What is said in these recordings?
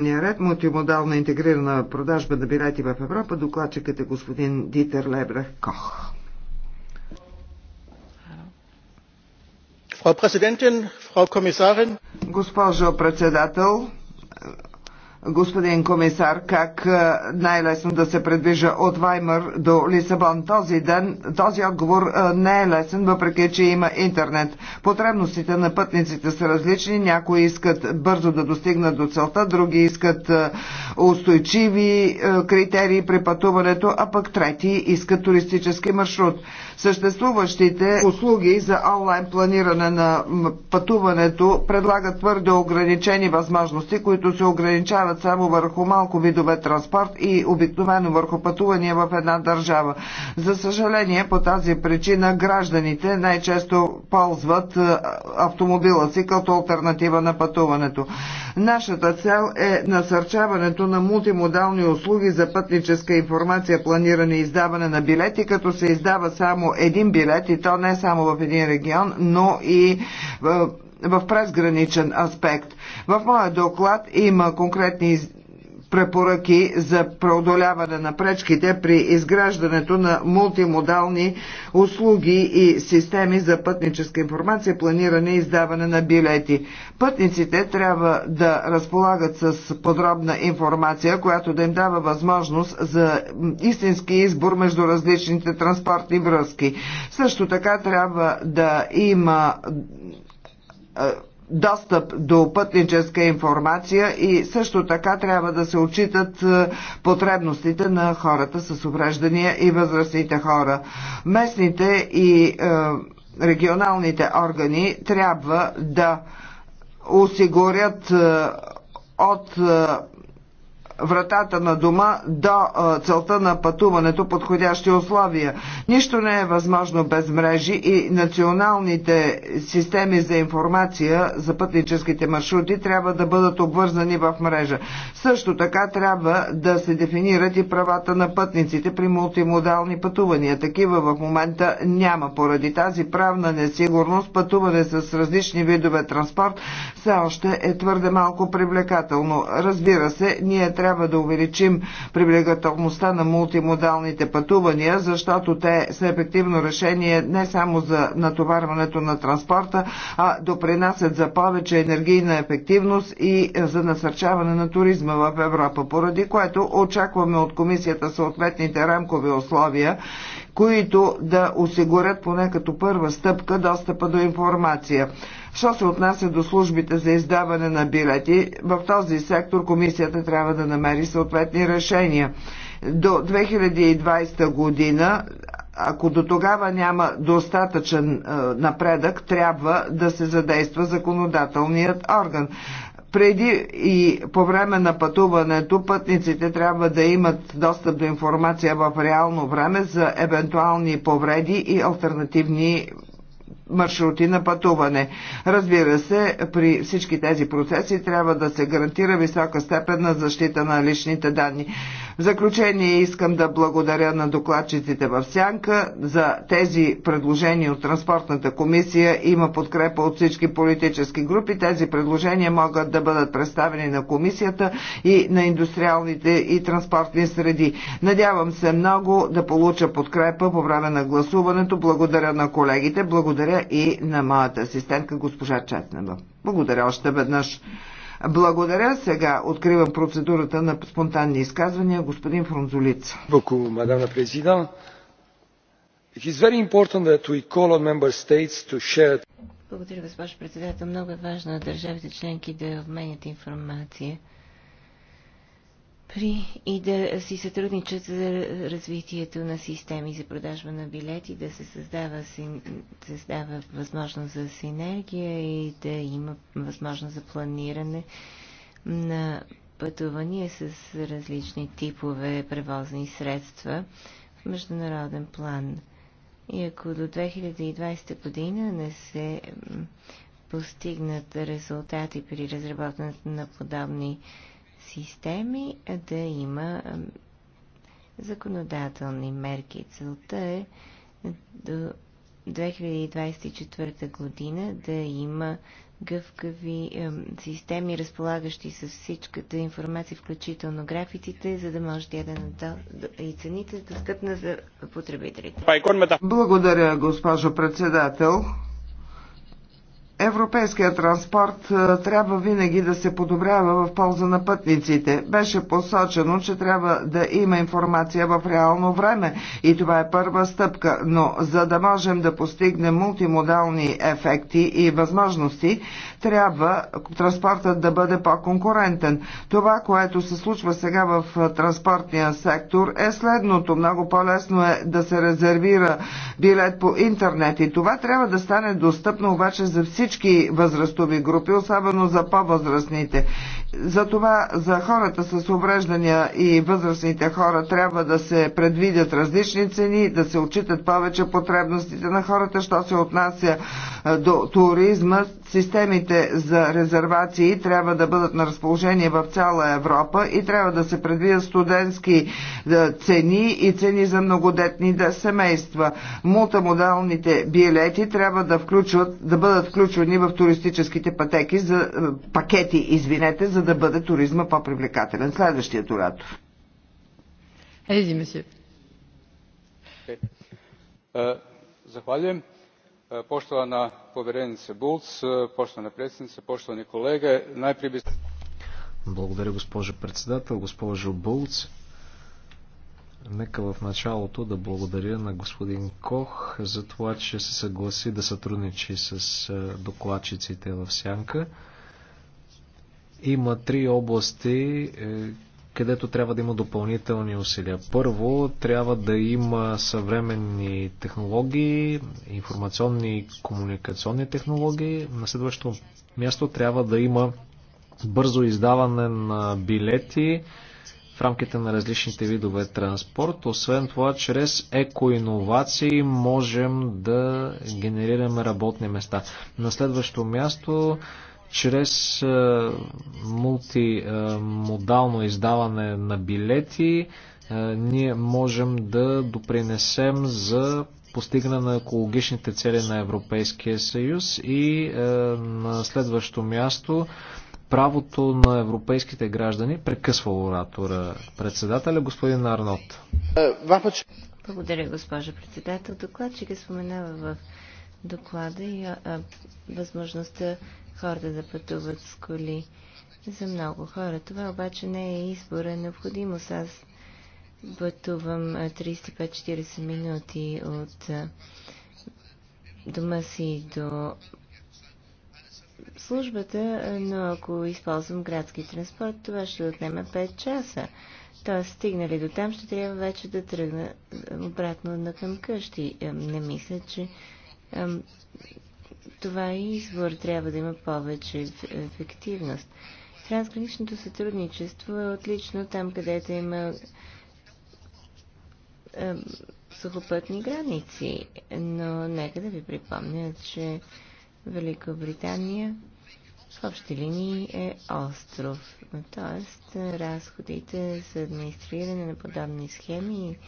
ред мултимодална интегрирана продажба на билети в Европа, докладчикът е господин Дитер Лебрах Кох. Госпожо председател, господин комисар, как е, най-лесно да се предвижа от Ваймър до Лисабон. Този ден, този отговор е, не е лесен, въпреки че има интернет. Потребностите на пътниците са различни. Някои искат бързо да достигнат до целта, други искат е, устойчиви критерии при пътуването, а пък трети искат туристически маршрут. Съществуващите услуги за онлайн планиране на пътуването предлагат твърде ограничени възможности, които се ограничават съсредоточават само върху малко видове транспорт и обикновено върху пътувания в една държава. За съжаление, по тази причина гражданите най-често ползват е, автомобила си като альтернатива на пътуването. Нашата цел е насърчаването на мултимодални услуги за пътническа информация, планиране и издаване на билети, като се издава само един билет и то не само в един регион, но и е, в презграничен аспект. В моя доклад има конкретни препоръки за преодоляване на пречките при изграждането на мултимодални услуги и системи за пътническа информация, планиране и издаване на билети. Пътниците трябва да разполагат с подробна информация, която да им дава възможност за истински избор между различните транспортни връзки. Също така трябва да има достъп до пътническа информация и също така трябва да се отчитат е, потребностите на хората с увреждания и възрастните хора. Местните и е, регионалните органи трябва да осигурят е, от вратата на дома до целта на пътуването подходящи условия. Нищо не е възможно без мрежи и националните системи за информация за пътническите маршрути трябва да бъдат обвързани в мрежа. Също така трябва да се дефинират и правата на пътниците при мултимодални пътувания. Такива в момента няма. Поради тази правна несигурност пътуване с различни видове транспорт все още е твърде малко привлекателно. Разбира се, ние трябва трябва да увеличим привлекателността на мултимодалните пътувания, защото те са ефективно решение не само за натоварването на транспорта, а допринасят за повече енергийна ефективност и за насърчаване на туризма в Европа, поради което очакваме от комисията съответните рамкови условия които да осигурят поне като първа стъпка достъпа до информация. Що се отнася до службите за издаване на билети, в този сектор комисията трябва да намери съответни решения. До 2020 година ако до тогава няма достатъчен е, напредък, трябва да се задейства законодателният орган преди и по време на пътуването пътниците трябва да имат достъп до информация в реално време за евентуални повреди и альтернативни маршрути на пътуване. Разбира се, при всички тези процеси трябва да се гарантира висока степен на защита на личните данни. В заключение искам да благодаря на докладчиците в Сянка за тези предложения от Транспортната комисия. Има подкрепа от всички политически групи. Тези предложения могат да бъдат представени на комисията и на индустриалните и транспортни среди. Надявам се много да получа подкрепа по време на гласуването. Благодаря на колегите, благодаря и на моята асистентка госпожа Четнева. Благодаря още веднъж. Благодаря. Сега откривам процедурата на спонтанни изказвания. Господин Фронзолица. президент. It is very important that we call on member states to share благодаря, госпожо председател. Много е важно държавите членки да обменят информация при и да си сътрудничат за развитието на системи за продажба на билети, да се създава, създава възможност за синергия и да има възможност за планиране на пътувания с различни типове превозни средства в международен план. И ако до 2020 година не се постигнат резултати при разработването на подобни системи, е да има законодателни мерки. Целта е до 2024 година да има гъвкави системи, разполагащи с всичката информация, включително графиците, за да може тя да и цените достъпна за потребителите. Благодаря, госпожо председател. Европейският транспорт е, трябва винаги да се подобрява в полза на пътниците. Беше посочено, че трябва да има информация в реално време и това е първа стъпка, но за да можем да постигнем мултимодални ефекти и възможности, трябва транспортът да бъде по-конкурентен. Това, което се случва сега в е, транспортния сектор е следното. Много по-лесно е да се резервира билет по интернет и това трябва да стане достъпно обаче за всички всички възрастови групи, особено за по-възрастните. Затова за хората с увреждания и възрастните хора трябва да се предвидят различни цени, да се отчитат повече потребностите на хората, що се отнася е, до туризма. Системите за резервации трябва да бъдат на разположение в цяла Европа и трябва да се предвидят студентски е, цени и цени за многодетни семейства. Мултамодалните билети трябва да, включват, да бъдат включвани в туристическите пътеки за, е, пакети, извинете, за да бъде туризма по-привлекателен. следващия оратор. Ези, месье. Zahvaljujem. Poštovana povjerenice Bulc, poštovana predsjednice, poštovani kolege, najprije bi... Благодаря, госпожо председател, госпожо Булц. Нека в началото да благодаря на господин Кох за това, че се съгласи да сътрудничи с е, докладчиците в Сянка. Има три области, е, където трябва да има допълнителни усилия. Първо, трябва да има съвременни технологии, информационни и комуникационни технологии. На следващото място трябва да има бързо издаване на билети в рамките на различните видове транспорт. Освен това, чрез екоинновации можем да генерираме работни места. На следващо място чрез мултимодално издаване на билети ние можем да допринесем за постигане на екологичните цели на Европейския съюз и на следващо място правото на европейските граждани прекъсва оратора. Председателя господин Арнот. Благодаря, госпожа председател. Докладчика споменава в доклада и а, а, възможността хората да пътуват с коли. За много хора. Това обаче не е избора е необходимост. Аз пътувам 35-40 минути от дома си до службата, но ако използвам градски транспорт, това ще отнеме 5 часа. Тоест, стигнали до там, ще трябва вече да тръгна обратно на към къщи. Не мисля, че това е избор. Трябва да има повече ефективност. Трансграничното сътрудничество е отлично там, където има е, сухопътни граници. Но нека да ви припомня, че Великобритания в общи линии е остров. Тоест, разходите за администриране на подобни схеми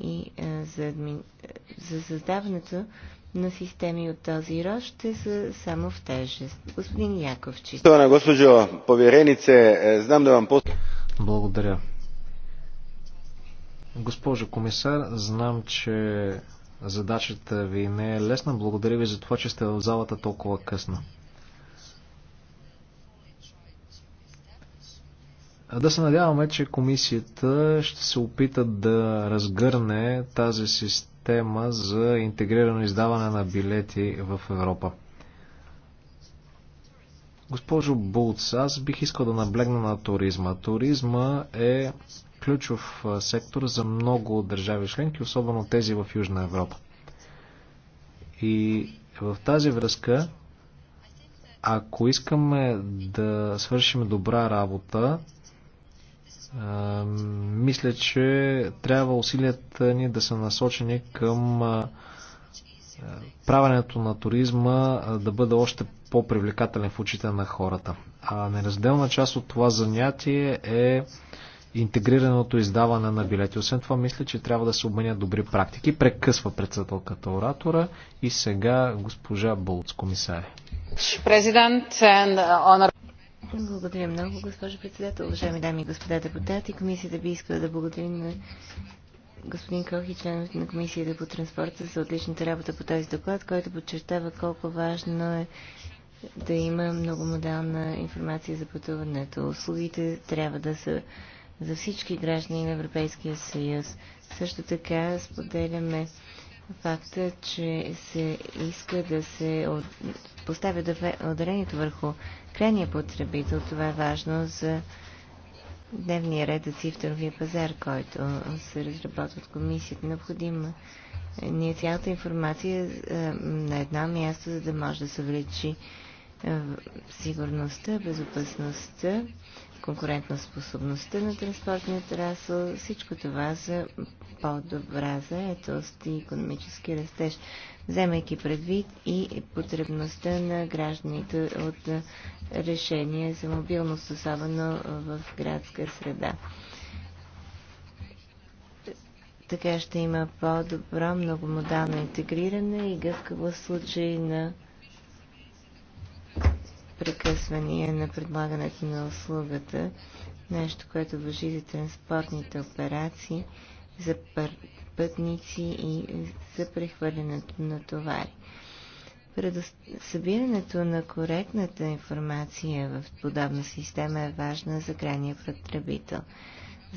и е, за, адми... за създаването на системи от този род ще са само в тежест. Господин Яков, чисто. госпожо поверенице, е, знам да вам Благодаря. Госпожо комисар, знам, че задачата ви не е лесна. Благодаря ви за това, че сте в залата толкова късно. Да се надяваме, че комисията ще се опита да разгърне тази система тема за интегрирано издаване на билети в Европа. Госпожо Булц, аз бих искал да наблегна на туризма. Туризма е ключов сектор за много държави членки, особено тези в Южна Европа. И в тази връзка, ако искаме да свършим добра работа, мисля, че трябва усилията ни да са насочени към правенето на туризма да бъде още по-привлекателен в очите на хората. А неразделна част от това занятие е интегрираното издаване на билети. Освен това, мисля, че трябва да се обменят добри практики. Прекъсва председателката оратора и сега госпожа Болц, комисаря. Президент, благодаря много, госпожо председател. Уважаеми дами и господа депутати, комисията би искала да благодарим на господин Кохи, членовете на комисията по транспорта за отличната работа по този доклад, който подчертава колко важно е да има много моделна информация за пътуването. Услугите трябва да са за всички граждани на Европейския съюз. Също така споделяме факта, че се иска да се от... поставя ударението върху крайния потребител. Това е важно за дневния ред за търговия пазар, който се разработва от комисията. Необходима ни е цялата информация е, на едно място, за да може да се увеличи е, сигурността, безопасността Конкурентна способността на транспортния трасъл, всичко това за по-добра заетост и економически растеж, вземайки предвид и потребността на гражданите от решение за мобилност, особено в градска среда. Така ще има по-добро многомодално интегриране и гъвкаво случай на прекъсвания на предлагането на услугата, нещо, което въжи за транспортните операции, за пътници и за прехвърлянето на товари. Събирането на коректната информация в подобна система е важна за крайния потребител.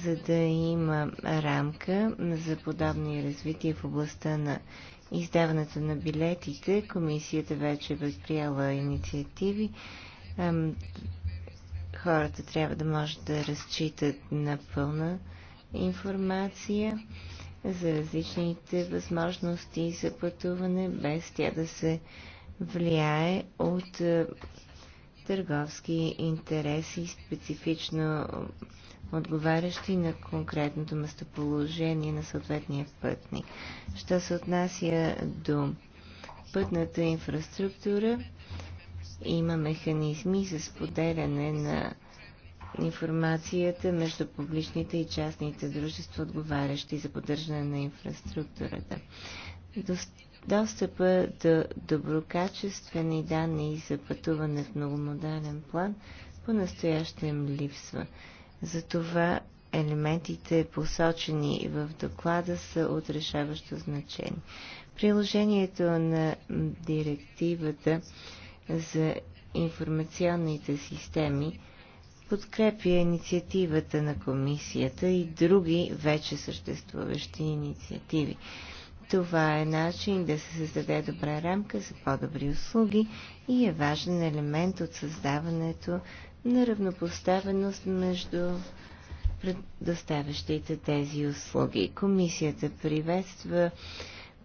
За да има рамка за подобни развития в областта на издаването на билетите. Комисията вече е възприела инициативи. Хората трябва да може да разчитат на пълна информация за различните възможности за пътуване, без тя да се влияе от търговски интереси, специфично отговарящи на конкретното местоположение на съответния пътник. Що се отнася до пътната инфраструктура, има механизми за споделяне на информацията между публичните и частните дружества, отговарящи за поддържане на инфраструктурата. Достъпа до доброкачествени данни за пътуване в многомодален план по-настоящем липсва. Затова елементите, посочени в доклада, са от решаващо значение. Приложението на директивата за информационните системи подкрепя инициативата на комисията и други вече съществуващи инициативи. Това е начин да се създаде добра рамка за по-добри услуги и е важен елемент от създаването на равнопоставеност между предоставящите тези услуги. Комисията приветства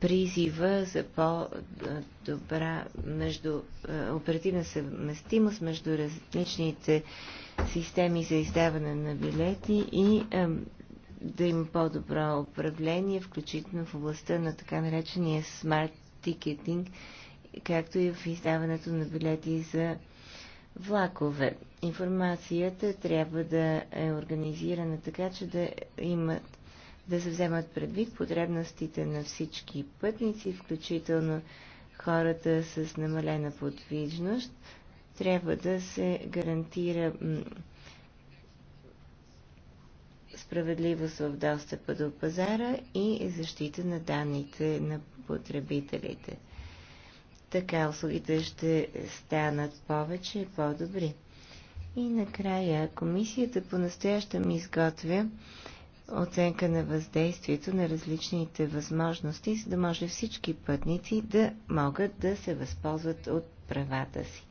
призива за по-добра между, е, оперативна съвместимост между различните системи за издаване на билети и е, да има по-добро управление, включително в областта на така наречения смарт тикетинг, както и в издаването на билети за влакове информацията трябва да е организирана така, че да имат да се вземат предвид потребностите на всички пътници, включително хората с намалена подвижност. Трябва да се гарантира справедливост в достъпа до пазара и защита на данните на потребителите. Така услугите ще станат повече и по-добри. И накрая, комисията по-настоящем изготвя оценка на въздействието на различните възможности, за да може всички пътници да могат да се възползват от правата си.